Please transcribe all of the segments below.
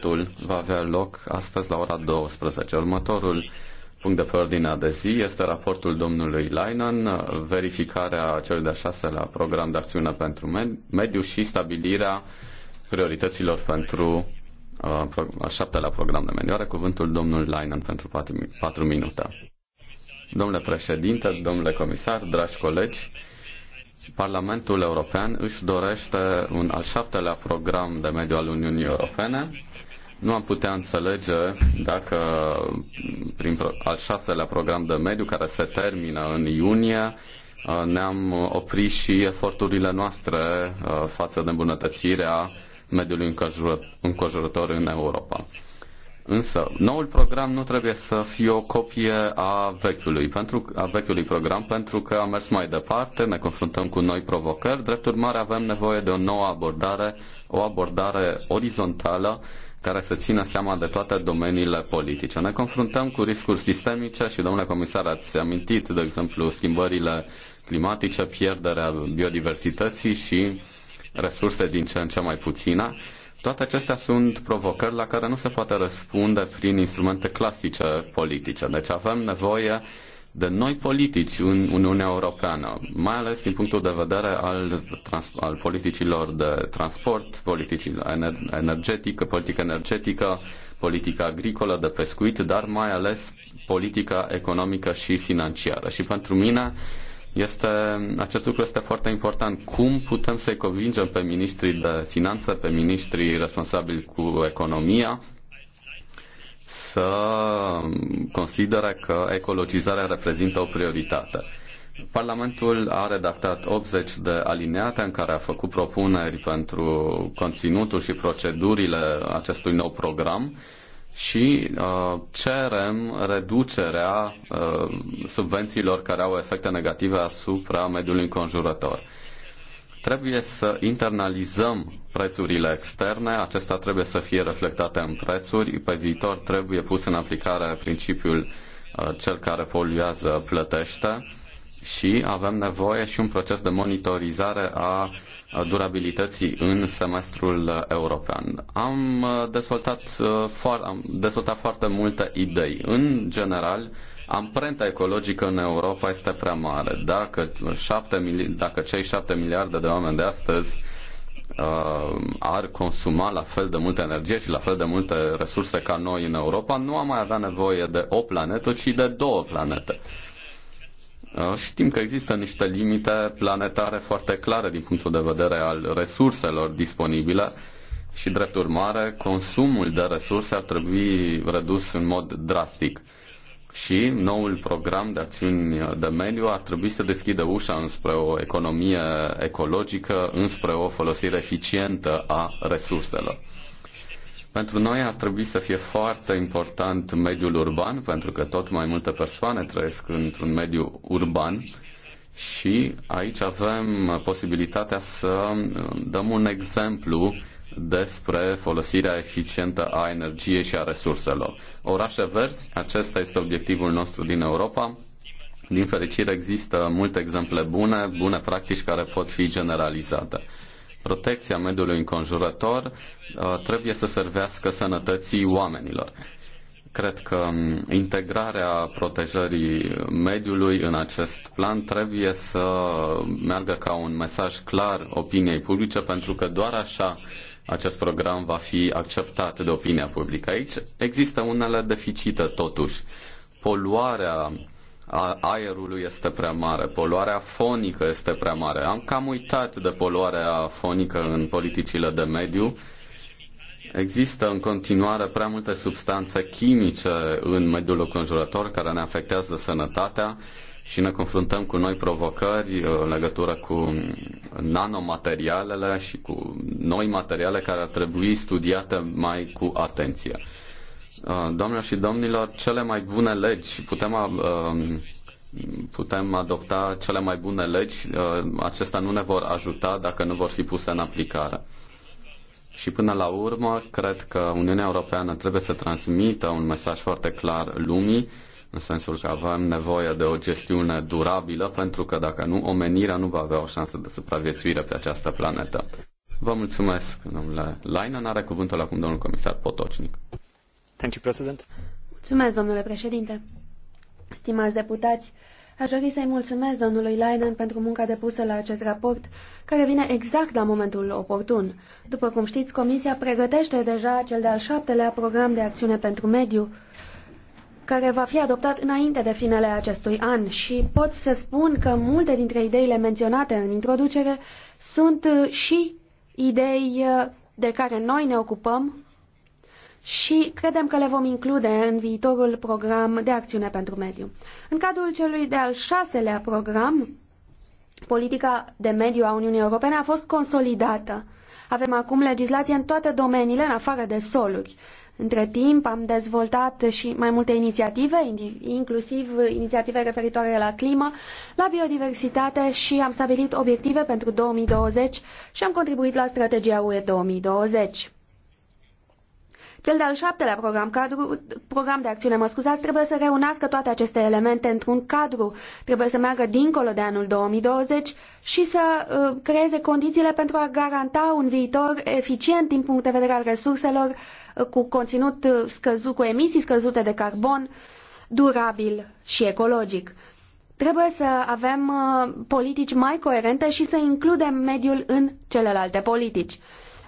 Votul va avea loc astăzi la ora 12. Următorul punct de pe ordinea de zi este raportul domnului Lainan, verificarea celui de-a șaselea program de acțiune pentru mediu și stabilirea priorităților pentru uh, al șaptelea program de mediu. Are cuvântul domnul Lainan pentru 4 minute. Domnule președinte, domnule comisar, dragi colegi, Parlamentul European își dorește un al șaptelea program de mediu al Uniunii Europene nu am putea înțelege dacă prin al șaselea program de mediu care se termină în iunie uh, ne-am oprit și eforturile noastre uh, față de îmbunătățirea mediului înconjurător în Europa. Însă, noul program nu trebuie să fie o copie a vechiului, pentru, a vechiului program, pentru că am mers mai departe, ne confruntăm cu noi provocări, drept urmare avem nevoie de o nouă abordare, o abordare orizontală care să țină seama de toate domeniile politice. Ne confruntăm cu riscuri sistemice și, domnule comisar, ați amintit, de exemplu, schimbările climatice, pierderea biodiversității și resurse din ce în ce mai puțină. Toate acestea sunt provocări la care nu se poate răspunde prin instrumente clasice politice. Deci avem nevoie de noi politici în Uniunea Europeană, mai ales din punctul de vedere al, trans- al politicilor de transport, politici ener- energetică, politică energetică, politică agricolă, de pescuit, dar mai ales politica economică și financiară. Și pentru mine este, acest lucru este foarte important. Cum putem să-i convingem pe ministrii de finanță, pe ministrii responsabili cu economia, să considere că ecologizarea reprezintă o prioritate. Parlamentul a redactat 80 de alineate în care a făcut propuneri pentru conținutul și procedurile acestui nou program și uh, cerem reducerea uh, subvențiilor care au efecte negative asupra mediului înconjurător. Trebuie să internalizăm prețurile externe, acestea trebuie să fie reflectate în prețuri, pe viitor trebuie pus în aplicare principiul uh, cel care poluează plătește și avem nevoie și un proces de monitorizare a uh, durabilității în semestrul european. Am uh, dezvoltat, am dezvoltat foarte multe idei. În general, amprenta ecologică în Europa este prea mare. Dacă, 7, dacă cei 7 miliarde de oameni de astăzi uh, ar consuma la fel de multă energie și la fel de multe resurse ca noi în Europa, nu am mai avea nevoie de o planetă, ci de două planete. Uh, știm că există niște limite planetare foarte clare din punctul de vedere al resurselor disponibile și, drept urmare, consumul de resurse ar trebui redus în mod drastic și noul program de acțiuni de mediu ar trebui să deschidă ușa înspre o economie ecologică, înspre o folosire eficientă a resurselor. Pentru noi ar trebui să fie foarte important mediul urban, pentru că tot mai multe persoane trăiesc într-un mediu urban și aici avem posibilitatea să dăm un exemplu despre folosirea eficientă a energiei și a resurselor. Orașe verzi, acesta este obiectivul nostru din Europa. Din fericire există multe exemple bune, bune practici care pot fi generalizate. Protecția mediului înconjurător uh, trebuie să servească sănătății oamenilor cred că um, integrarea protejării mediului în acest plan trebuie să meargă ca un mesaj clar opiniei publice, pentru că doar așa acest program va fi acceptat de opinia publică. Aici există unele deficite totuși. Poluarea aerului este prea mare, poluarea fonică este prea mare. Am cam uitat de poluarea fonică în politicile de mediu. Există în continuare prea multe substanțe chimice în mediul înconjurător care ne afectează sănătatea și ne confruntăm cu noi provocări uh, în legătură cu nanomaterialele și cu noi materiale care ar trebui studiate mai cu atenție. Uh, doamnelor și domnilor, cele mai bune legi putem uh, putem adopta cele mai bune legi, acestea nu ne vor ajuta dacă nu vor fi puse în aplicare. Și până la urmă, cred că Uniunea Europeană trebuie să transmită un mesaj foarte clar lumii în sensul că avem nevoie de o gestiune durabilă, pentru că dacă nu, omenirea nu va avea o șansă de supraviețuire pe această planetă. Vă mulțumesc, domnule Lainan. Are cuvântul acum domnul comisar Potocnic. Thank you, President. Mulțumesc, domnule președinte. Stimați deputați, aș dori să-i mulțumesc domnului Lainan pentru munca depusă la acest raport, care vine exact la momentul oportun. După cum știți, Comisia pregătește deja cel de-al șaptelea program de acțiune pentru mediu, care va fi adoptat înainte de finele acestui an și pot să spun că multe dintre ideile menționate în introducere sunt uh, și idei uh, de care noi ne ocupăm și credem că le vom include în viitorul program de acțiune pentru mediu. În cadrul celui de-al șaselea program, politica de mediu a Uniunii Europene a fost consolidată. Avem acum legislație în toate domeniile, în afară de soluri. Între timp am dezvoltat și mai multe inițiative, inclusiv inițiative referitoare la climă, la biodiversitate și am stabilit obiective pentru 2020 și am contribuit la strategia UE 2020. Cel de-al șaptelea program, cadru, program de acțiune, mă scuzați, trebuie să reunească toate aceste elemente într-un cadru, trebuie să meargă dincolo de anul 2020 și să uh, creeze condițiile pentru a garanta un viitor eficient din punct de vedere al resurselor, uh, cu conținut uh, scăzut, cu emisii scăzute de carbon, durabil și ecologic trebuie să avem uh, politici mai coerente și să includem mediul în celelalte politici.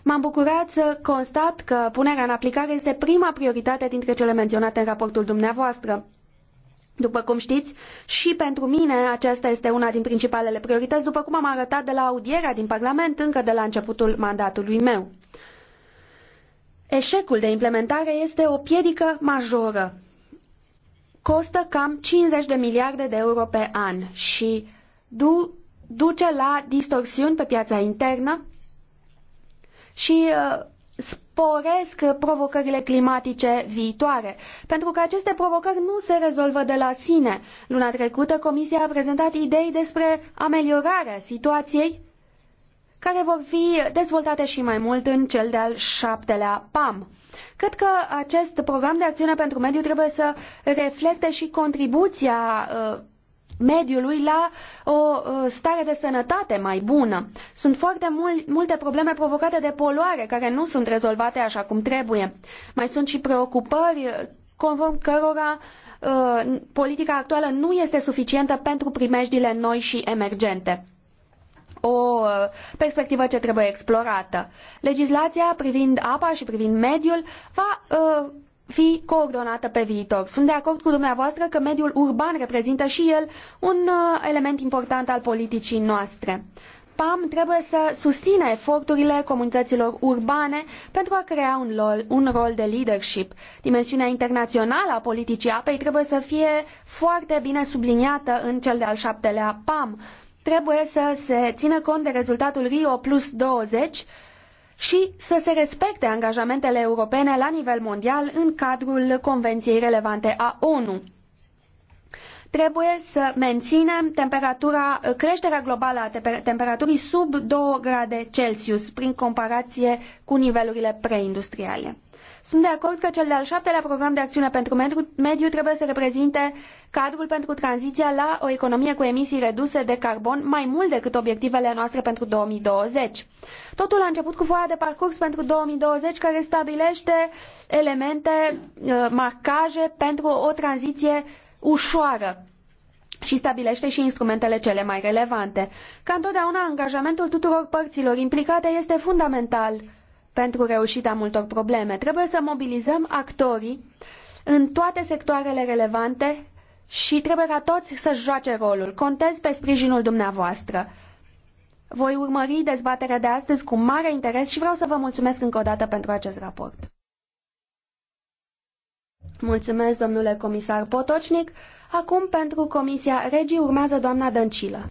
M-am bucurat să constat că punerea în aplicare este prima prioritate dintre cele menționate în raportul dumneavoastră. După cum știți, și pentru mine aceasta este una din principalele priorități, după cum am arătat de la audierea din Parlament încă de la începutul mandatului meu. Eșecul de implementare este o piedică majoră. Costă cam 50 de miliarde de euro pe an și du duce la distorsiuni pe piața internă, și uh, sporesc provocările climatice viitoare, pentru că aceste provocări nu se rezolvă de la sine. Luna trecută, Comisia a prezentat idei despre ameliorarea situației care vor fi dezvoltate și mai mult în cel de-al șaptelea PAM. Cred că acest program de acțiune pentru mediu trebuie să reflecte și contribuția uh, mediului la o uh, stare de sănătate mai bună. Sunt foarte mul multe probleme provocate de poluare care nu sunt rezolvate așa cum trebuie. Mai sunt și preocupări conform cărora uh, politica actuală nu este suficientă pentru primejdile noi și emergente o uh, perspectivă ce trebuie explorată. Legislația privind apa și privind mediul va uh, fi coordonată pe viitor. Sunt de acord cu dumneavoastră că mediul urban reprezintă și el un uh, element important al politicii noastre. PAM trebuie să susțină eforturile comunităților urbane pentru a crea un, rol, un rol de leadership. Dimensiunea internațională a politicii apei trebuie să fie foarte bine subliniată în cel de-al șaptelea PAM. Trebuie să se țină cont de rezultatul Rio plus 20 și să se respecte angajamentele europene la nivel mondial în cadrul Convenției relevante a ONU trebuie să menținem temperatura, creșterea globală a temperaturii sub 2 grade Celsius prin comparație cu nivelurile preindustriale. Sunt de acord că cel de-al șaptelea program de acțiune pentru mediu trebuie să reprezinte cadrul pentru tranziția la o economie cu emisii reduse de carbon mai mult decât obiectivele noastre pentru 2020. Totul a început cu foaia de parcurs pentru 2020 care stabilește elemente, uh, marcaje pentru o tranziție ușoară și stabilește și instrumentele cele mai relevante. Ca întotdeauna, angajamentul tuturor părților implicate este fundamental pentru reușita multor probleme. Trebuie să mobilizăm actorii în toate sectoarele relevante și trebuie ca toți să joace rolul. Contez pe sprijinul dumneavoastră. Voi urmări dezbaterea de astăzi cu mare interes și vreau să vă mulțumesc încă o dată pentru acest raport. Mulțumesc, domnule comisar Potocnic. Acum, pentru Comisia Regii, urmează doamna Dăncilă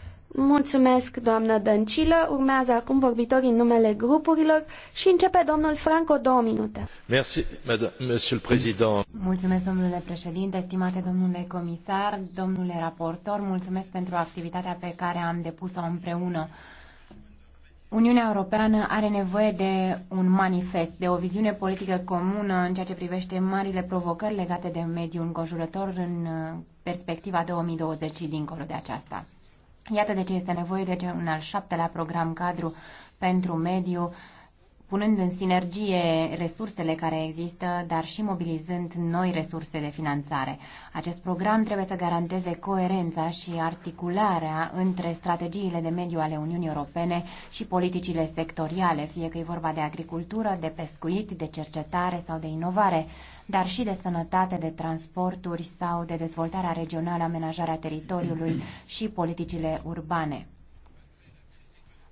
Mulțumesc, doamnă Dăncilă. Urmează acum vorbitorii în numele grupurilor și începe domnul Franco două minute. Merci, madame, monsieur le président. Mulțumesc, domnule președinte, stimate domnule comisar, domnule raportor, mulțumesc pentru activitatea pe care am depus-o împreună. Uniunea Europeană are nevoie de un manifest, de o viziune politică comună în ceea ce privește marile provocări legate de mediul înconjurător în perspectiva 2020 și dincolo de aceasta. Iată de ce este nevoie de un al șaptelea program cadru pentru mediu punând în sinergie resursele care există, dar și mobilizând noi resurse de finanțare. Acest program trebuie să garanteze coerența și articularea între strategiile de mediu ale Uniunii Europene și politicile sectoriale, fie că e vorba de agricultură, de pescuit, de cercetare sau de inovare, dar și de sănătate, de transporturi sau de dezvoltarea regională, amenajarea teritoriului și politicile urbane.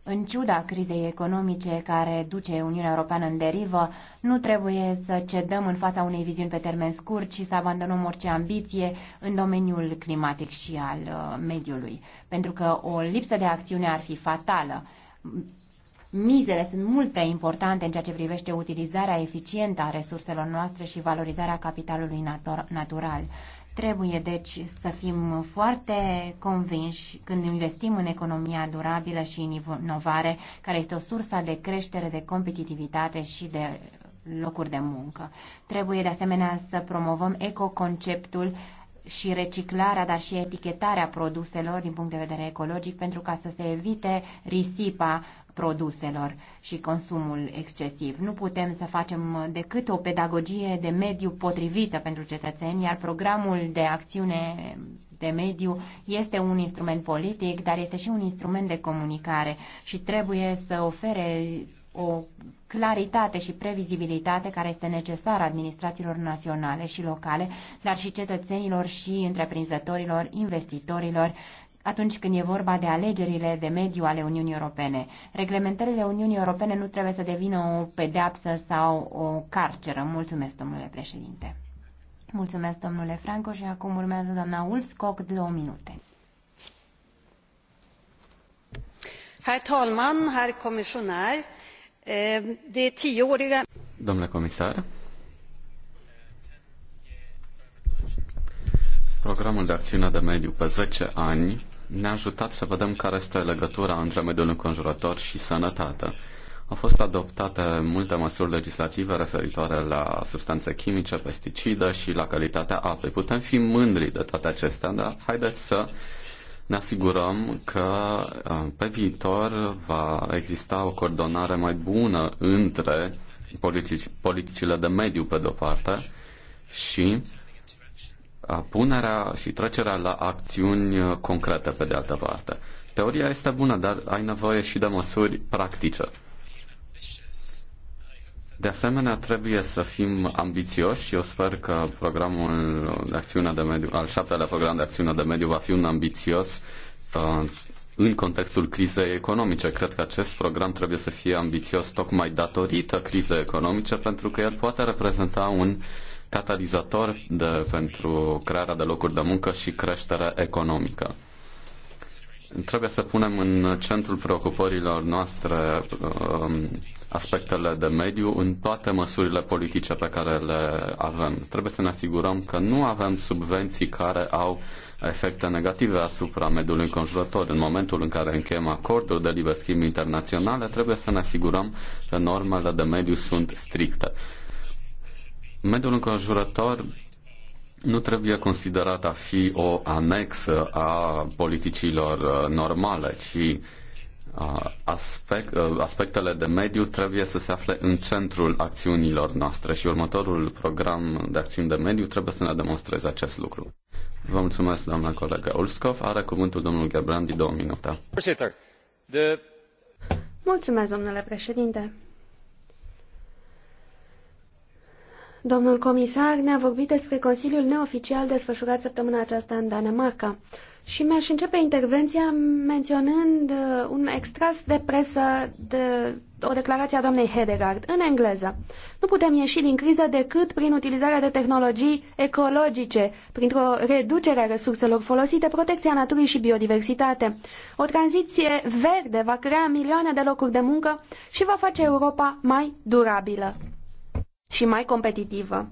În ciuda crizei economice care duce Uniunea Europeană în derivă, nu trebuie să cedăm în fața unei viziuni pe termen scurt și să abandonăm orice ambiție în domeniul climatic și al uh, mediului, pentru că o lipsă de acțiune ar fi fatală. Mizele sunt mult prea importante în ceea ce privește utilizarea eficientă a resurselor noastre și valorizarea capitalului natural. Trebuie, deci, să fim foarte convinși când investim în economia durabilă și în inovare, care este o sursă de creștere, de competitivitate și de locuri de muncă. Trebuie, de asemenea, să promovăm ecoconceptul și reciclarea, dar și etichetarea produselor din punct de vedere ecologic pentru ca să se evite risipa produselor și consumul excesiv. Nu putem să facem decât o pedagogie de mediu potrivită pentru cetățeni, iar programul de acțiune de mediu este un instrument politic, dar este și un instrument de comunicare și trebuie să ofere o claritate și previzibilitate care este necesară administrațiilor naționale și locale, dar și cetățenilor și întreprinzătorilor, investitorilor atunci când e vorba de alegerile de mediu ale Uniunii Europene. Reglementările Uniunii Europene nu trebuie să devină o pedeapsă sau o carceră. Mulțumesc, domnule președinte. Mulțumesc, domnule Franco, și acum urmează doamna Ulfscoc, două minute. Herr talman, herr kommissionär, eh, det tioåriga... Domnule comisar, programul de acțiune de mediu pe 10 ani ne-a ajutat să vedem care este legătura între mediul înconjurător și sănătate. Au fost adoptate multe măsuri legislative referitoare la substanțe chimice, pesticide și la calitatea apei. Putem fi mândri de toate acestea, dar haideți să ne asigurăm că uh, pe viitor va exista o coordonare mai bună între politici, politicile de mediu, pe de-o parte, și punerea și trecerea la acțiuni concrete, pe de altă parte. Teoria este bună, dar ai nevoie și de măsuri practice. De asemenea, trebuie să fim ambițioși și eu sper că programul de acțiune de mediu, al șaptelea program de acțiune de mediu va fi un ambițios uh, în contextul crizei economice. Cred că acest program trebuie să fie ambițios tocmai datorită crizei economice, pentru că el poate reprezenta un uh, catalizator de, pentru crearea de locuri de muncă și creștere economică. Trebuie să punem în centrul preocupărilor noastre um, aspectele de mediu în toate măsurile politice pe care le avem. Trebuie să ne asigurăm că nu avem subvenții care au efecte negative asupra mediului înconjurător. În momentul în care încheiem acorduri de liber schimb internaționale, trebuie să ne asigurăm că normele de mediu sunt stricte. Mediul înconjurător nu trebuie considerat a fi o anexă a politicilor uh, normale, ci uh, aspect, uh, aspectele de mediu trebuie să se afle în centrul acțiunilor noastre și următorul program de acțiuni de mediu trebuie să ne demonstreze acest lucru. Vă mulțumesc, doamna colegă Ulskov. Are cuvântul domnul Gebrandi, două minute. Mulțumesc, domnule președinte. Domnul comisar ne-a vorbit despre Consiliul Neoficial desfășurat săptămâna aceasta în Danemarca și mi-aș începe intervenția menționând uh, un extras de presă de o declarație a doamnei Hedegaard în engleză. Nu putem ieși din criză decât prin utilizarea de tehnologii ecologice, printr-o reducere a resurselor folosite, protecția naturii și biodiversitate. O tranziție verde va crea milioane de locuri de muncă și va face Europa mai durabilă și mai competitivă.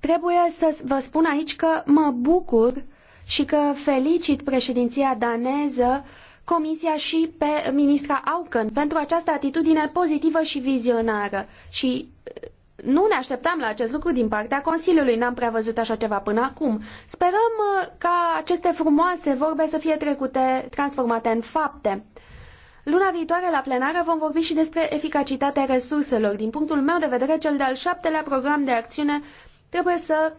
Trebuie să vă spun aici că mă bucur și că felicit președinția daneză, Comisia și pe ministra Auken pentru această atitudine pozitivă și vizionară. Și uh, nu ne așteptam la acest lucru din partea Consiliului, n-am prea văzut așa ceva până acum. Sperăm uh, ca aceste frumoase vorbe să fie trecute, transformate în fapte. Luna viitoare, la plenară, vom vorbi și despre eficacitatea resurselor. Din punctul meu de vedere, cel de-al șaptelea program de acțiune trebuie să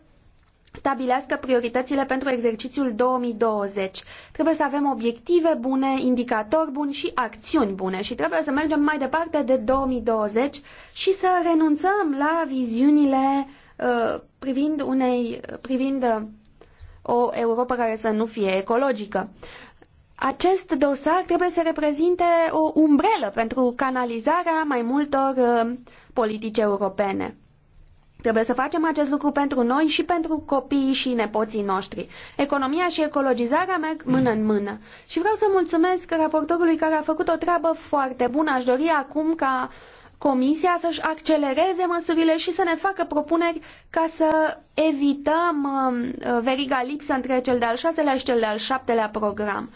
stabilească prioritățile pentru exercițiul 2020. Trebuie să avem obiective bune, indicatori buni și acțiuni bune și trebuie să mergem mai departe de 2020 și să renunțăm la viziunile uh, privind unei privind uh, o Europa care să nu fie ecologică acest dosar trebuie să reprezinte o umbrelă pentru canalizarea mai multor uh, politici europene. Trebuie să facem acest lucru pentru noi și pentru copiii și nepoții noștri. Economia și ecologizarea merg mână în mână. Și vreau să mulțumesc raportorului care a făcut o treabă foarte bună. Aș dori acum ca Comisia să-și accelereze măsurile și să ne facă propuneri ca să evităm um, uh, veriga lipsă între cel de-al șaselea și cel de-al șaptelea program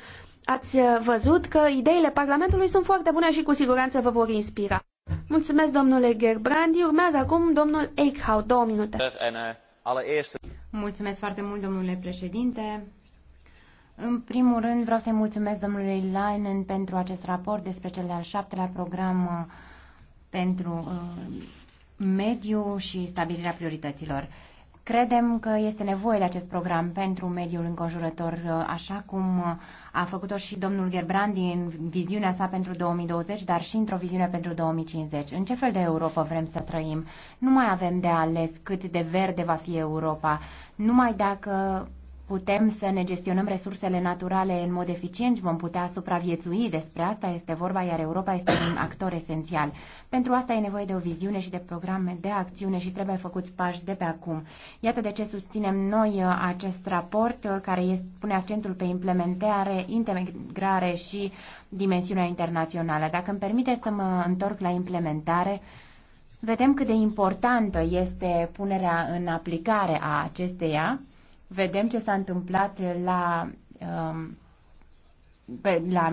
ați uh, văzut că ideile Parlamentului sunt foarte bune și cu siguranță vă vor inspira. Mulțumesc, domnule Gerbrandi. Urmează acum domnul Eichhout. Două minute. Mulțumesc foarte mult, domnule președinte. În primul rând, vreau să-i mulțumesc domnului Leinen pentru acest raport despre cel de-al șaptelea program uh, pentru uh, mediu și stabilirea priorităților. Credem că este nevoie de acest program pentru mediul înconjurător, uh, așa cum uh, a făcut-o și domnul Gerbrandi în viziunea sa pentru 2020, dar și într-o viziune pentru 2050. În ce fel de Europa vrem să trăim? Nu mai avem de ales cât de verde va fi Europa, numai dacă putem să ne gestionăm resursele naturale în mod eficient și vom putea supraviețui. Despre asta este vorba, iar Europa este un actor esențial. Pentru asta e nevoie de o viziune și de programe de acțiune și trebuie făcuți pași de pe acum. Iată de ce susținem noi uh, acest raport uh, care pune accentul pe implementare, integrare și dimensiunea internațională. Dacă îmi permiteți să mă întorc la implementare, vedem cât de importantă este punerea în aplicare a acesteia vedem ce s-a întâmplat la, um, pe, la,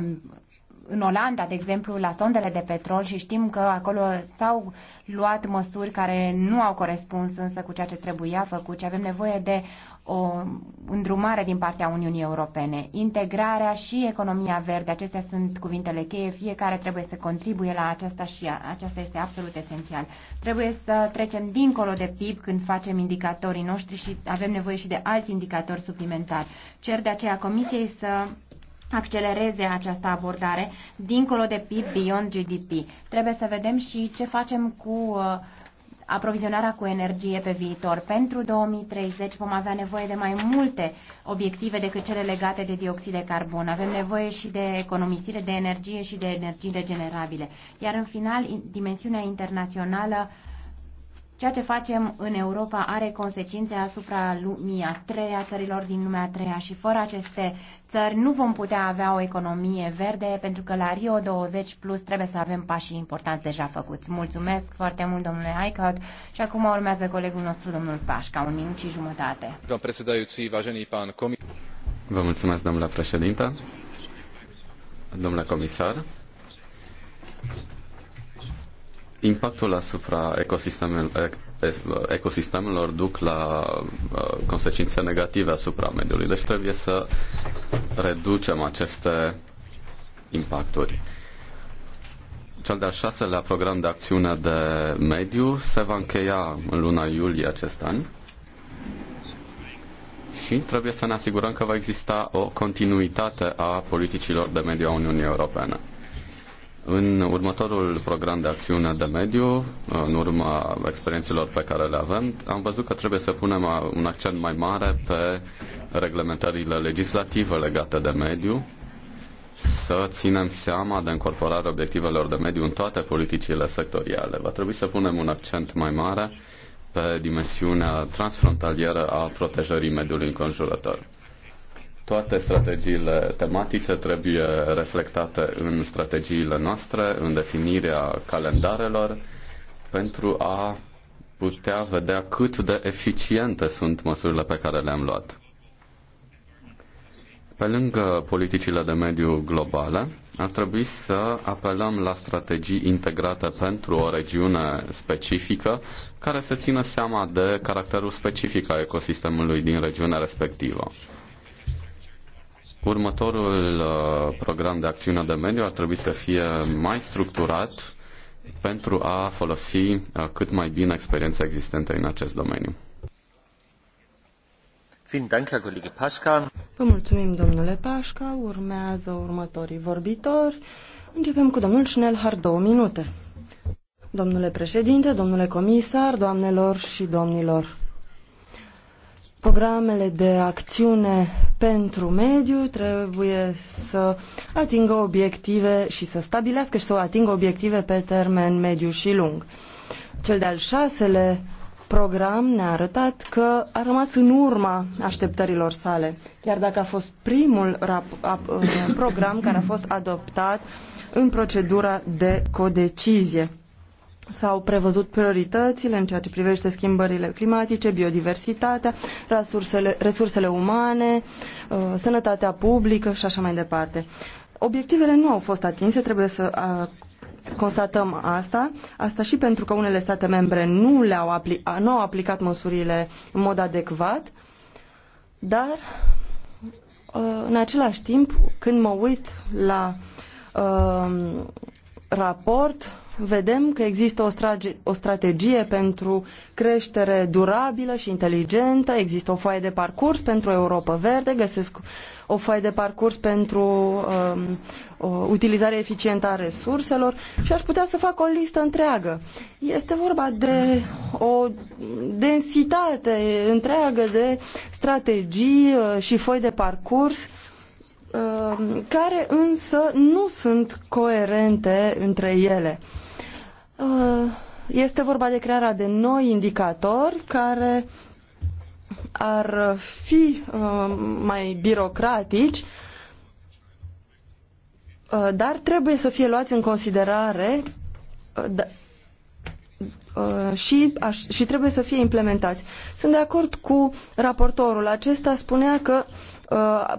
în Olanda, de exemplu, la sondele de petrol și știm că acolo s-au luat măsuri care nu au corespuns însă cu ceea ce trebuia făcut și avem nevoie de o îndrumare din partea Uniunii Europene. Integrarea și economia verde, acestea sunt cuvintele cheie, fiecare trebuie să contribuie la aceasta și aceasta este absolut esențial. Trebuie să trecem dincolo de PIB când facem indicatorii noștri și avem nevoie și de alți indicatori suplimentari. Cer de aceea Comisiei să accelereze această abordare dincolo de PIB, beyond GDP. Trebuie să vedem și ce facem cu uh, aprovizionarea cu energie pe viitor. Pentru 2030 vom avea nevoie de mai multe obiective decât cele legate de dioxid de carbon. Avem nevoie și de economisire de energie și de energii regenerabile. Iar în final, dimensiunea internațională uh, Ceea ce facem în Europa are consecințe asupra lumii a treia, țărilor din lumea a treia și fără aceste țări nu vom putea avea o economie verde pentru că la Rio 20 plus trebuie să avem pașii importanți deja făcuți. Mulțumesc foarte mult, domnule Aicaut, și acum urmează colegul nostru, domnul Pașca, un minut și jumătate. Vă mulțumesc, domnule președinte, domnule comisar. Impactul asupra ecosistemelor, ecosistemelor duc la uh, consecințe negative asupra mediului, deci trebuie să reducem aceste impacturi. Cel de-al șaselea program de acțiune de mediu se va încheia în luna iulie acest an și trebuie să ne asigurăm că va exista o continuitate a politicilor de mediu a Uniunii Europene. În următorul program de acțiune de mediu, în urma experiențelor pe care le avem, am văzut că trebuie să punem un accent mai mare pe reglementările legislative legate de mediu, să ținem seama de incorporarea obiectivelor de mediu în toate politicile sectoriale. Va trebui să punem un accent mai mare pe dimensiunea transfrontalieră a protejării mediului înconjurător. Toate strategiile tematice trebuie reflectate în strategiile noastre, în definirea calendarelor, pentru a putea vedea cât de eficiente sunt măsurile pe care le-am luat. Pe lângă politicile de mediu globale, ar trebui să apelăm la strategii integrate pentru o regiune specifică care să țină seama de caracterul specific al ecosistemului din regiunea respectivă. Următorul uh, program de acțiune de mediu ar trebui să fie mai structurat pentru a folosi uh, cât mai bine experiența existentă în acest domeniu. Vă mulțumim, domnule Pașca. Urmează următorii vorbitori. Începem cu domnul Schnellhard, două minute. Domnule președinte, domnule comisar, doamnelor și domnilor. Programele de acțiune pentru mediu trebuie să atingă obiective și să stabilească și să atingă obiective pe termen mediu și lung. Cel de-al șaselea program ne-a arătat că a rămas în urma așteptărilor sale, chiar dacă a fost primul program care a fost adoptat în procedura de codecizie. S-au prevăzut prioritățile în ceea ce privește schimbările climatice, biodiversitatea, resursele, resursele umane, uh, sănătatea publică și așa mai departe. Obiectivele nu au fost atinse, trebuie să uh, constatăm asta, asta și pentru că unele state membre nu, le-au apli, nu au aplicat măsurile în mod adecvat, dar uh, în același timp, când mă uit la uh, raport, vedem că există o, strage, o strategie pentru creștere durabilă și inteligentă, există o foaie de parcurs pentru Europa Verde, găsesc o foaie de parcurs pentru um, o utilizare eficientă a resurselor și aș putea să fac o listă întreagă. Este vorba de o densitate întreagă de strategii uh, și foi de parcurs um, care însă nu sunt coerente între ele. Uh, este vorba de crearea de noi indicatori care ar fi uh, mai birocratici, uh, dar trebuie să fie luați în considerare da, și, și trebuie să fie implementați. Sunt de acord cu raportorul. Acesta spunea că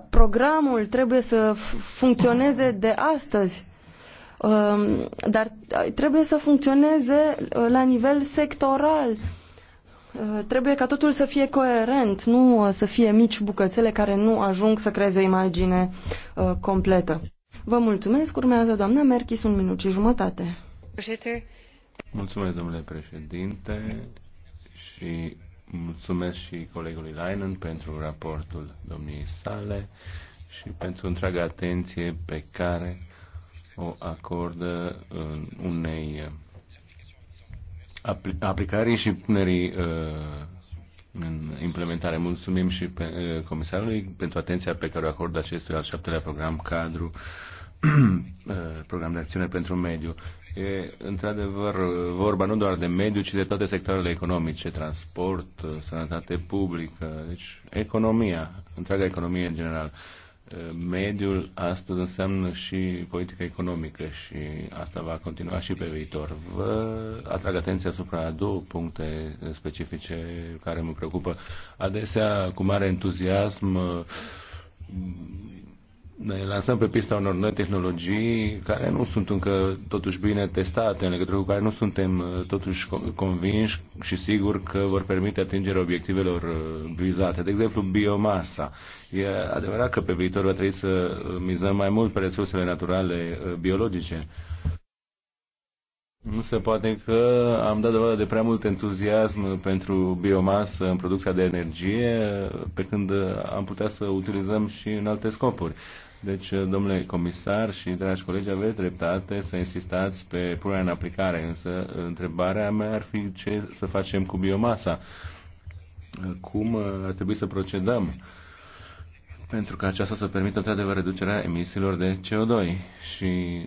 programul trebuie să funcționeze de astăzi Um, dar uh, trebuie să funcționeze uh, la nivel sectoral. Uh, trebuie ca totul să fie coerent, nu să fie mici bucățele care nu ajung să creeze o imagine completă. Vă mulțumesc. Urmează doamna Merchis un minut și jumătate. Mulțumesc, domnule președinte, și mulțumesc și colegului Leinen pentru raportul domniei sale și pentru întreaga atenție pe care o acordă uh, unei uh, apl- aplicării și punerii uh, în implementare. Mulțumim și pe, comisarului pentru atenția pe care o acordă acestui al șaptelea program cadru, program de acțiune pentru mediu. E într-adevăr vorba nu doar de mediu, ci de toate sectoarele economice, transport, sănătate publică, deci economia, întreaga economie în general mediul astăzi înseamnă și politică economică și asta va continua și pe viitor. Vă atrag atenția asupra două puncte specifice care mă preocupă. Adesea, cu mare entuziasm, ne lansăm pe pista unor noi tehnologii care nu sunt încă totuși bine testate, în legătură cu care nu suntem uh, totuși convinși și sigur că vor permite atingerea obiectivelor uh, vizate. De exemplu, biomasa. E adevărat că pe viitor va trebui să mizăm mai mult pe resursele naturale uh, biologice. Nu se poate că am dat dovadă de prea mult entuziasm pentru biomasă în producția de energie, pe când am putea să utilizăm și în alte scopuri. Deci, domnule comisar și dragi colegi, aveți dreptate să insistați pe punerea în aplicare, însă întrebarea mea ar fi ce să facem cu biomasa. Cum ar trebui să procedăm? Pentru că aceasta să permită într-adevăr reducerea emisiilor de CO2 și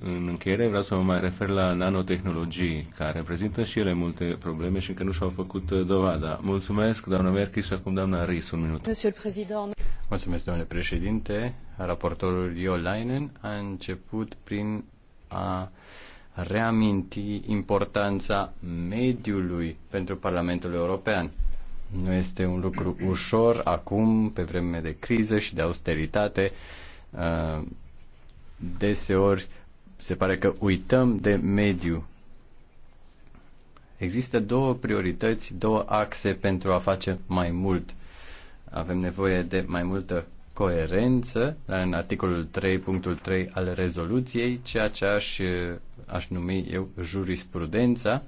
în încheiere vreau să mă mai refer la nanotehnologii, care prezintă și ele multe probleme și încă nu și-au făcut uh, dovada. Mulțumesc, doamna Merchi, și acum doamna Ries, un minut. Mulțumesc, domnule președinte. Raportorul Leinen a început prin a reaminti importanța mediului pentru Parlamentul European. Nu este un lucru ușor acum, pe vreme de criză și de austeritate. Uh, deseori se pare că uităm de mediu. Există două priorități, două axe pentru a face mai mult. Avem nevoie de mai multă coerență în articolul 3.3 al rezoluției, ceea ce aș, aș numi eu jurisprudența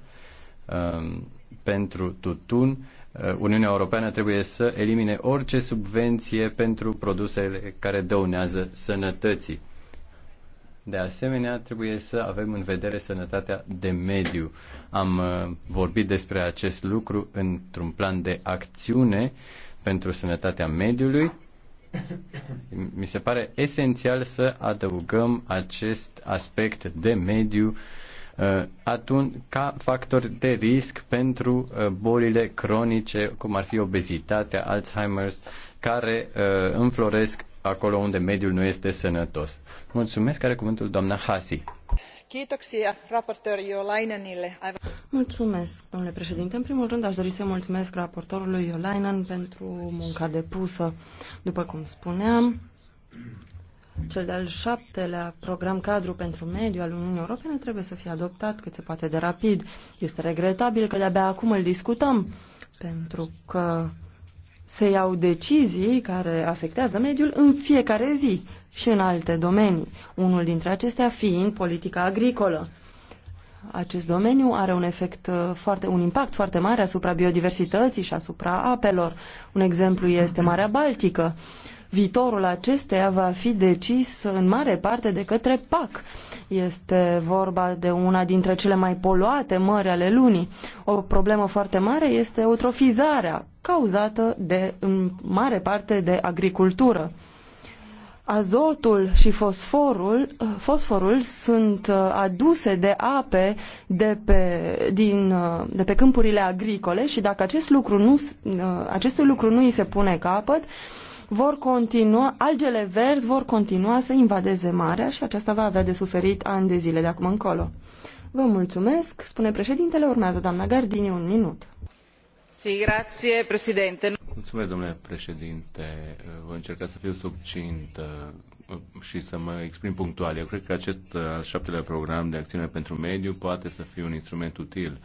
um, pentru tutun. Uh, Uniunea Europeană trebuie să elimine orice subvenție pentru produsele care dăunează sănătății de asemenea, trebuie să avem în vedere sănătatea de mediu. Am uh, vorbit despre acest lucru într-un plan de acțiune pentru sănătatea mediului. Mi se pare esențial să adăugăm acest aspect de mediu uh, atunci ca factor de risc pentru uh, bolile cronice, cum ar fi obezitatea, Alzheimer's, care înfloresc acolo unde mediul nu este sănătos. Mulțumesc, are cuvântul doamna Hasi. Mulțumesc, domnule președinte. În primul rând, aș dori să mulțumesc raportorului Iolainen pentru munca depusă. După cum spuneam, cel de-al șaptelea program cadru pentru mediu al Uniunii Europene trebuie să fie adoptat cât se poate de rapid. Este regretabil că de-abia acum îl discutăm, pentru că se iau decizii care afectează mediul în fiecare zi și în alte domenii, unul dintre acestea fiind politica agricolă. Acest domeniu are un efect uh, foarte, un impact foarte mare asupra biodiversității și asupra apelor. Un exemplu este Marea Baltică. Uh, viitorul acesteia va fi decis în mare parte de către PAC. Este vorba de una dintre cele mai poluate mări ale lunii. O problemă foarte mare este eutrofizarea, cauzată de, în mare parte de agricultură. Azotul și fosforul, fosforul sunt uh, aduse de ape de pe, din, uh, de pe câmpurile agricole și dacă acest lucru nu, uh, acestui lucru nu îi se pune capăt, vor continua, algele verzi vor continua să invadeze marea și aceasta va avea de suferit ani de zile de acum încolo. Vă mulțumesc, spune președintele, urmează doamna Gardini un minut. Si, grazie, președinte. Mulțumesc, domnule președinte. Voi încerca să fiu subcint uh, și să mă exprim punctual. Eu cred că acest uh, al șaptelea program de acțiune pentru mediu poate să fie un instrument util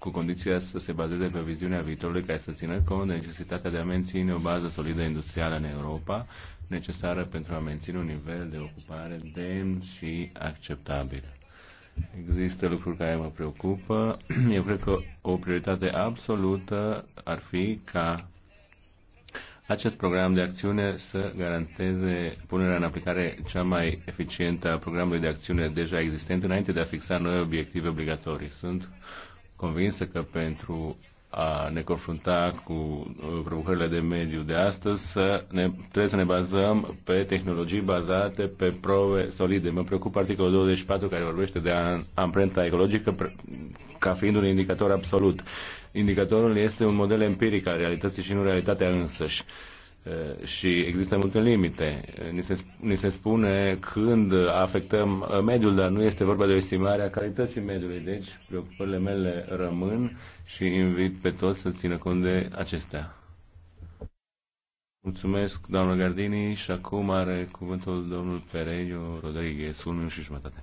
cu condiția să se bazeze pe viziunea viitorului care să țină cont de necesitatea de a menține o bază solidă industrială în Europa, necesară pentru a menține un nivel de ocupare demn și acceptabil. Există lucruri care mă preocupă. Eu cred că o prioritate absolută ar fi ca acest program de acțiune să garanteze punerea în aplicare cea mai eficientă a programului de acțiune deja existent înainte de a fixa noi obiective obligatorii. Sunt convinsă că pentru a ne confrunta cu uh, provocările de mediu de astăzi, să ne, trebuie să ne bazăm pe tehnologii bazate pe probe solide. Mă preocupă articolul 24 care vorbește de amprenta ecologică ca fiind un indicator absolut. Indicatorul este un model empiric al realității și nu realitatea însăși. Uh, Eh, și există multe limite. Eh, ni se, ni se spune când afectăm eh, mediul, dar nu este vorba de o estimare a calității mediului. Deci, preocupările mele rămân și invit pe toți să țină cont de acestea. Mulțumesc, doamnă Gardini, și acum are cuvântul domnul Pereio Rodriguez, unul și jumătate.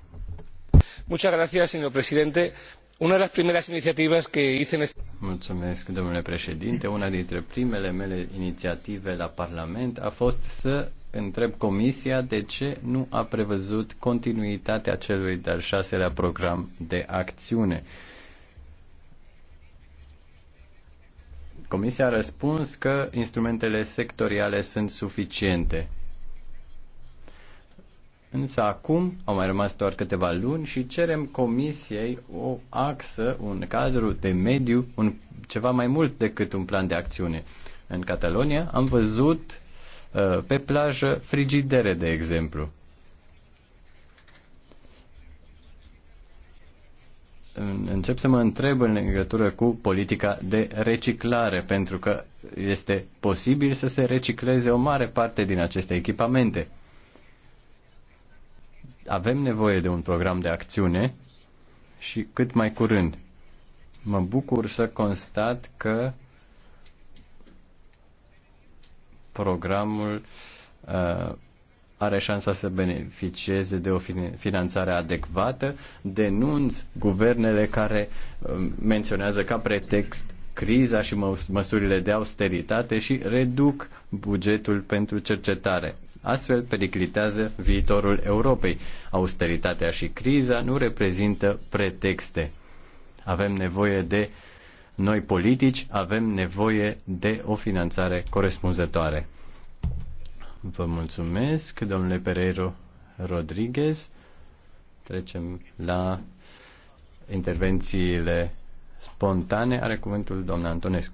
Muchas gracias, señor presidente una de las primeras iniciativas que hice en este... Mulțumesc, domnule președinte. Una dintre primele mele inițiative la Parlament a fost să întreb Comisia de ce nu a prevăzut continuitatea celui de-al șaselea program de acțiune. Comisia a răspuns că instrumentele sectoriale sunt suficiente. Însă acum au mai rămas doar câteva luni și cerem comisiei o axă, un cadru de mediu, un, ceva mai mult decât un plan de acțiune. În Catalonia am văzut uh, pe plajă frigidere, de exemplu. încep să mă întreb în legătură cu politica de reciclare, pentru că este posibil să se recicleze o mare parte din aceste echipamente. Avem nevoie de un program de acțiune și cât mai curând. Mă bucur să constat că programul uh, are șansa să beneficieze de o finanțare adecvată. Denunț guvernele care uh, menționează ca pretext criza și măsurile de austeritate și reduc bugetul pentru cercetare. Astfel periclitează viitorul Europei. Austeritatea și criza nu reprezintă pretexte. Avem nevoie de noi politici, avem nevoie de o finanțare corespunzătoare. Vă mulțumesc, domnule Pereiro Rodriguez. Trecem la intervențiile spontane. Are cuvântul doamna Antonescu.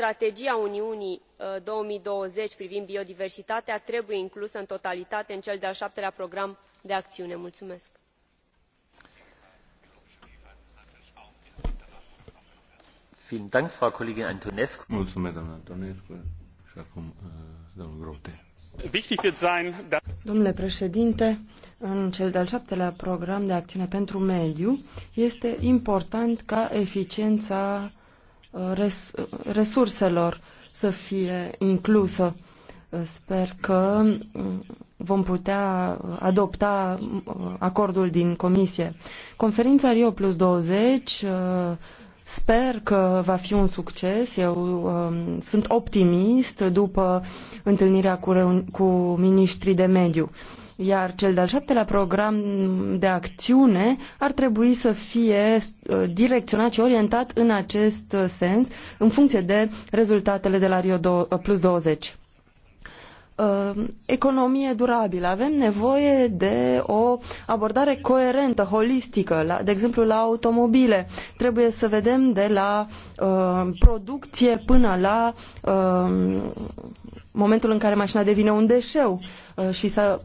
strategia uniunii uh, două mii douăzeci privind biodiversitatea trebuie inclusă în totalitate în cel de al șapte lea program de aciune. Uh, Domnule președinte, în cel de-al șaptelea program de acțiune pentru mediu, este important ca eficiența res, resurselor să fie inclusă. Sper că mm, vom putea adopta mm, acordul din comisie. Conferința Rio Plus 20 uh, Sper că va fi un succes. Eu um, sunt optimist după întâlnirea cu, cu ministrii de mediu. Iar cel de-al șaptelea program de acțiune ar trebui să fie uh, direcționat și orientat în acest uh, sens, în funcție de rezultatele de la Rio uh, plus 20 economie durabilă. Avem nevoie de o abordare coerentă, holistică, la, de exemplu la automobile. Trebuie să vedem de la uh, producție până la uh, momentul în care mașina devine un deșeu uh, și să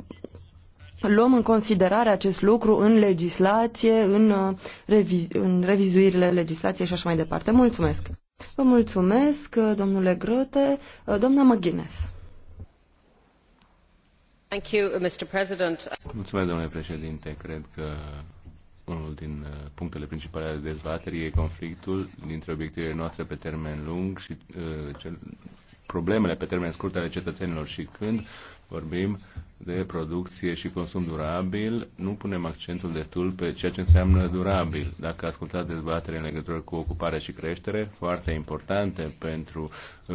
luăm în considerare acest lucru în legislație, în, uh, revi, în revizuirile legislației și așa mai departe. Mulțumesc! Vă mulțumesc, uh, domnule Grote. Uh, doamna McGuinness. Thank you, Mr. President. Mulțumesc, domnule președinte. Cred că unul din punctele principale ale dezbaterii e conflictul dintre obiectivele noastre pe termen lung și uh, cel, problemele pe termen scurt ale cetățenilor și când vorbim de producție și consum durabil, nu punem accentul destul pe ceea ce înseamnă durabil. Dacă ascultați dezbatere în legătură cu ocupare și creștere, foarte importante pentru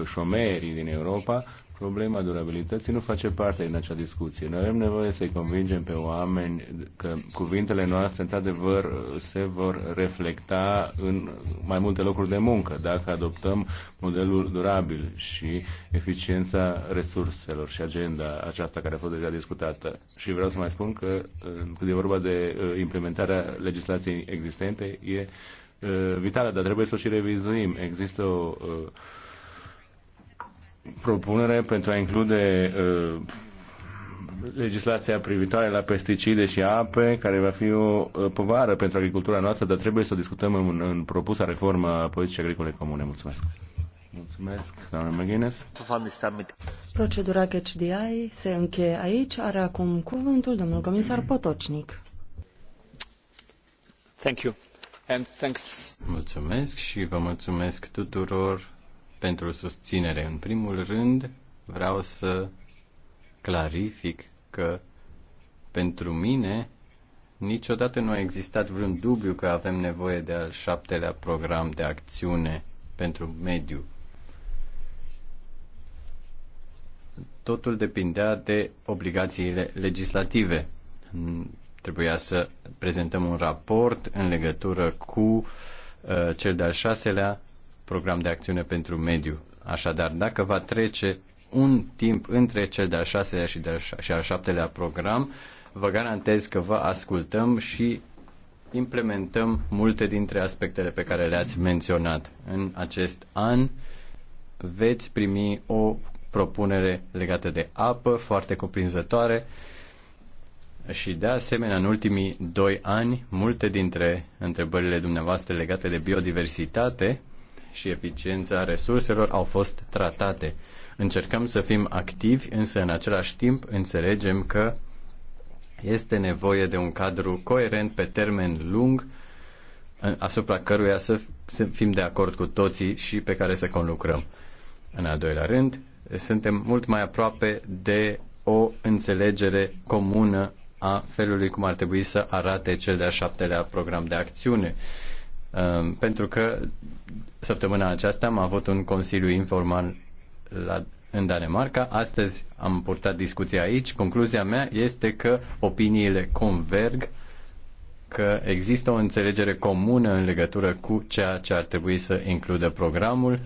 șomerii din Europa, problema durabilității nu face parte din acea discuție. Noi avem nevoie să-i convingem pe oameni că cuvintele noastre, într-adevăr, se vor reflecta în mai multe locuri de muncă, dacă adoptăm modelul durabil și eficiența resurselor și agenda aceasta care a fost deja discutată. Și vreau să mai spun că, uh, când e vorba de uh, implementarea legislației existente, e uh, vitală, dar trebuie să o și revizuim. Există o propunere pentru a include uh, legislația privitoare la pesticide și ape, care va fi o uh, povară pentru agricultura noastră, dar trebuie să o discutăm în, în propusa reformă a politicii agricole comune. Mulțumesc! Mulțumesc, doamna McGuinness. Procedura CHDI se încheie aici. Are acum cuvântul domnul comisar Potocnic. Thank you. And thanks. Mulțumesc și vă mulțumesc tuturor pentru susținere. În primul rând, vreau să clarific că pentru mine niciodată nu a existat vreun dubiu că avem nevoie de al șaptelea program de acțiune pentru mediu. Totul depindea de obligațiile legislative. Trebuia să prezentăm un raport în legătură cu uh, cel de-al șaselea program de acțiune pentru mediu. Așadar, dacă va trece un timp între cel de-al șaselea și, de-al și al șaptelea program, vă garantez că vă ascultăm și implementăm multe dintre aspectele pe care le-ați menționat. În acest an veți primi o propunere legată de apă foarte cuprinzătoare și de asemenea în ultimii doi ani multe dintre întrebările dumneavoastră legate de biodiversitate și eficiența resurselor au fost tratate. Încercăm să fim activi, însă în același timp înțelegem că este nevoie de un cadru coerent pe termen lung asupra căruia să, fim de acord cu toții și pe care să conlucrăm. În al doilea rând, suntem mult mai aproape de o înțelegere comună a felului cum ar trebui să arate cel de-a șaptelea program de acțiune. Ehm, pentru că Săptămâna aceasta am avut un consiliu informal la, în Danemarca. Astăzi am purtat discuția aici. Concluzia mea este că opiniile converg, că există o înțelegere comună în legătură cu ceea ce ar trebui să includă programul,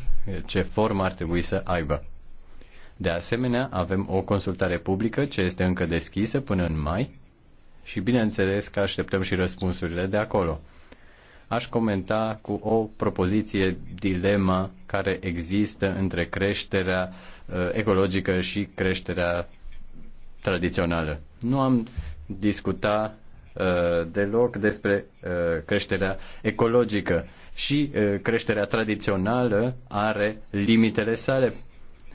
ce formă ar trebui să aibă. De asemenea, avem o consultare publică ce este încă deschisă până în mai și bineînțeles că așteptăm și răspunsurile de acolo aș comenta cu o propoziție dilema care există între creșterea uh, ecologică și creșterea tradițională. Nu am discutat uh, deloc despre uh, creșterea ecologică și creșterea tradițională are limitele sale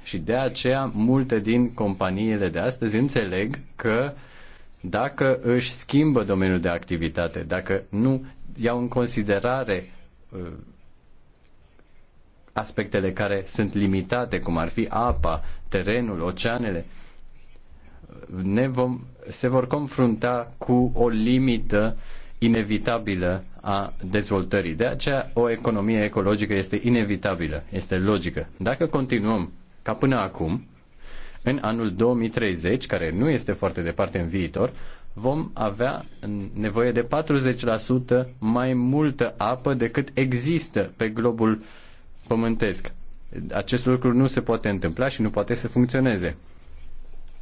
și de aceea multe din companiile de astăzi înțeleg că dacă își schimbă domeniul de activitate, dacă nu iau în considerare uh, aspectele care sunt limitate, cum ar fi apa, terenul, oceanele, ne vom, se vor confrunta cu o limită inevitabilă a dezvoltării. De aceea o economie ecologică este inevitabilă, este logică. Dacă continuăm ca până acum, în anul 2030, care nu este foarte departe în viitor, vom avea nevoie de 40% mai multă apă decât există pe globul pământesc. Acest lucru nu se poate întâmpla și nu poate să funcționeze.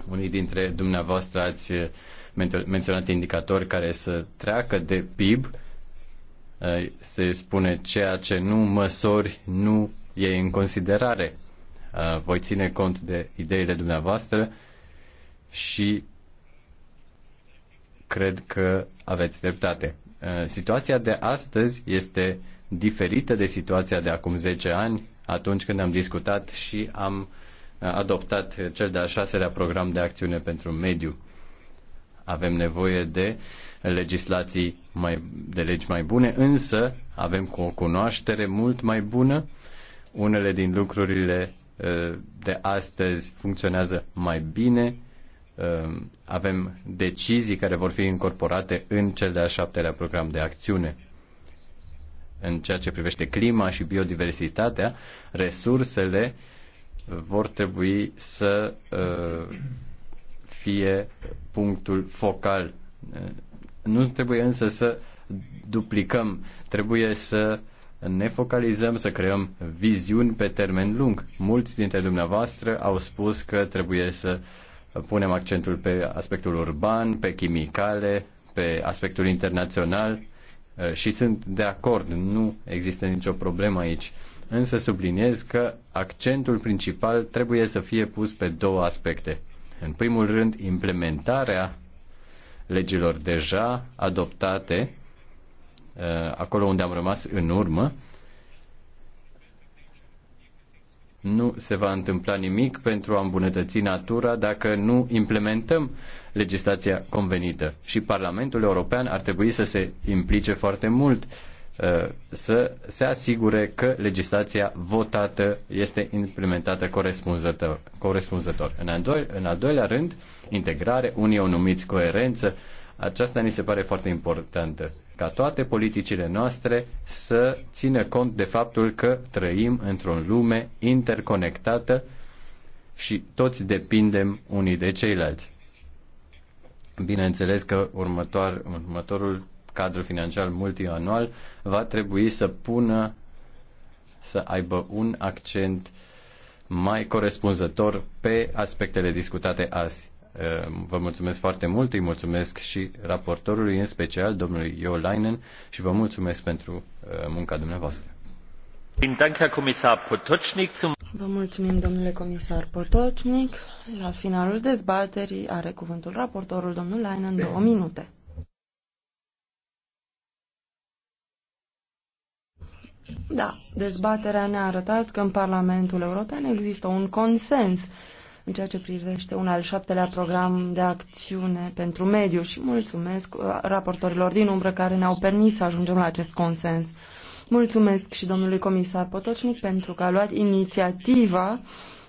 Unii dintre dumneavoastră ați menționat indicatori care să treacă de PIB, se spune ceea ce nu măsori nu e în considerare. Voi ține cont de ideile dumneavoastră și cred că aveți dreptate. Uh, situația de astăzi este diferită de situația de acum 10 ani, atunci când am discutat și am uh, adoptat cel de-al șaselea program de acțiune pentru mediu. Avem nevoie de legislații mai, de legi mai bune, însă avem o cunoaștere mult mai bună. Unele din lucrurile uh, de astăzi funcționează mai bine, Ehm, avem decizii care vor fi incorporate în cel de-al șaptelea program de acțiune. În ceea ce privește clima și biodiversitatea, resursele vor trebui să ehm, fie punctul focal. Ehm, nu trebuie însă să duplicăm, trebuie să ne focalizăm, să creăm viziuni pe termen lung. Mulți dintre dumneavoastră au spus că trebuie să uh, punem accentul pe aspectul urban, pe chimicale, pe aspectul internațional uh, și sunt de acord, nu există nicio problemă aici. Însă subliniez că accentul principal trebuie să fie pus pe două aspecte. În primul rând, implementarea legilor deja adoptate, uh, acolo unde am rămas în urmă, nu se va întâmpla nimic pentru a îmbunătăți natura dacă nu implementăm legislația convenită. Și Parlamentul European ar trebui să se implice foarte mult uh, să se asigure că legislația votată este implementată corespunzător. corespunzător. În, al doilea, în al doilea rând, integrare, unii o numiți coerență, aceasta ni se pare foarte importantă, ca toate politicile noastre să țină cont de faptul că trăim într-o lume interconectată și toți depindem unii de ceilalți. Bineînțeles că următoar, următorul cadru financiar multianual va trebui să pună, să aibă un accent mai corespunzător pe aspectele discutate azi Ehm, vă mulțumesc foarte mult, îi mulțumesc și raportorului, în special domnului Jo Leinen, și vă mulțumesc pentru ehm, munca dumneavoastră. Vă mulțumim, domnule comisar Potocnic. La finalul dezbaterii are cuvântul raportorul domnul Leinen, două minute. Da, dezbaterea ne-a arătat că în Parlamentul European există un consens în ceea ce privește un al șaptelea program de acțiune pentru mediu și mulțumesc uh, raportorilor din umbră care ne-au permis să ajungem la acest consens. Mulțumesc și domnului comisar Potocnic pentru că a luat inițiativa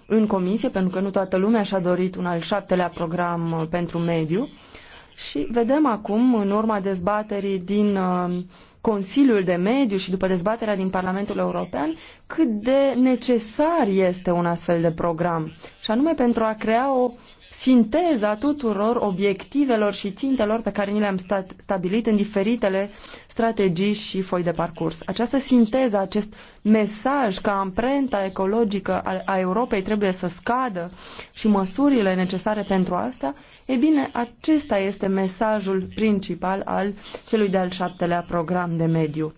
în comisie, pentru că nu toată lumea și-a dorit un al șaptelea program uh, pentru mediu. Și vedem acum, în urma dezbaterii din uh, Consiliul de Mediu și după dezbaterea din Parlamentul European cât de necesar este un astfel de program, și anume pentru a crea o sinteza tuturor obiectivelor și țintelor pe care ni le-am stabilit în diferitele strategii și foi de parcurs. Această sinteză, acest mesaj că amprenta ecologică a, a Europei trebuie să scadă și măsurile necesare pentru asta, e bine, acesta este mesajul principal al celui de-al șaptelea program de mediu.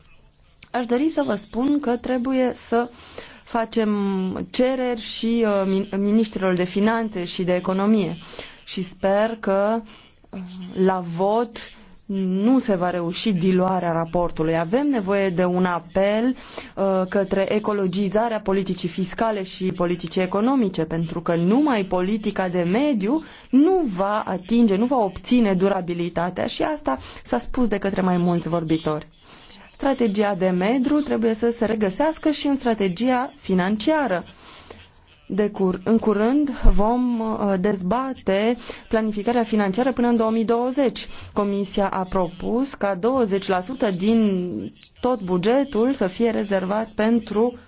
Aș dori să vă spun că trebuie să uh, facem cereri și uh, ministrilor de finanțe și de economie și sper că uh, la vot nu se va reuși diluarea raportului. Avem nevoie de un apel uh, către ecologizarea politicii fiscale și politicii economice, pentru că numai politica de mediu nu va atinge, nu va obține durabilitatea și asta s-a spus de către mai mulți vorbitori strategia de mediu trebuie să se regăsească și în strategia financiară. De cur în curând vom uh, dezbate planificarea financiară până în 2020. Comisia a propus ca 20% din tot bugetul să fie rezervat pentru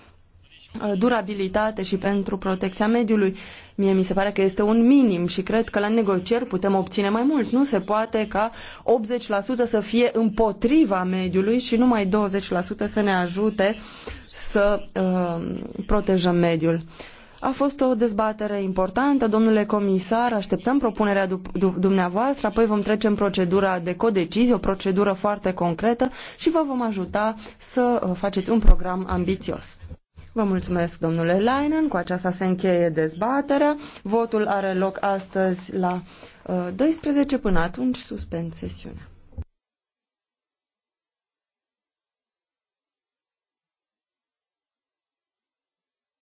Uh, durabilitate și pentru protecția mediului. Mie mi se pare că este un minim și cred că la negocieri putem obține mai mult. Nu se poate ca 80% să fie împotriva mediului și numai 20% să ne ajute să uh, protejăm mediul. A fost o dezbatere importantă, domnule comisar, așteptăm propunerea dumneavoastră, apoi vom trece în procedura de codecizie, o procedură foarte concretă și vă vom ajuta să uh, faceți un program ambițios. Vă mulțumesc, domnule Leinen. Cu aceasta se încheie dezbaterea. Votul are loc astăzi la uh, 12. Până atunci, suspend sesiunea.